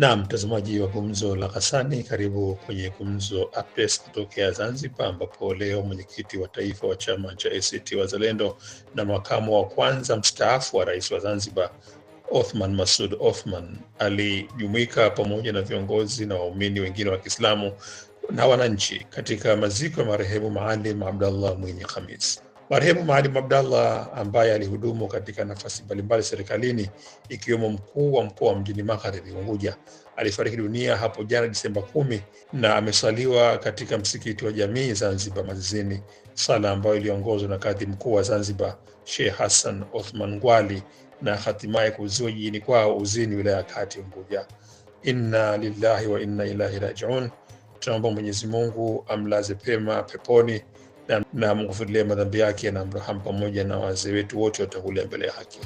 Na mtazamaji wa Gumzo la Ghassani, karibu kwenye Gumzo Updates kutokea Zanzibar, ambapo leo mwenyekiti wa taifa wa chama cha ACT Wazalendo na makamu wa kwanza mstaafu wa rais wa Zanzibar Othman Masud Othman alijumuika pamoja na viongozi na waumini wengine wa Kiislamu na wananchi katika maziko ya marehemu Maalim Abdallah Mwinyi Khamis. Marehemu Maalim Abdallah ambaye alihudumu katika nafasi mbalimbali serikalini ikiwemo mkuu wa mkoa wa mjini Magharibi Unguja alifariki dunia hapo jana Disemba kumi na amesaliwa katika msikiti wa jamii Zanzibar Mazizini, sala ambayo iliongozwa na kadhi mkuu wa Zanzibar Sheikh Hassan Othman Ngwali na hatimaye kuuziwa jijini kwao Uzini, wilaya ya Kati Unguja. Inna lillahi wa inna ilahi rajiun. Tunaomba Mwenyezi Mungu amlaze pema peponi na, na madhambi yake na Abraham pamoja na wazee wetu wote watakulia mbele ya haki.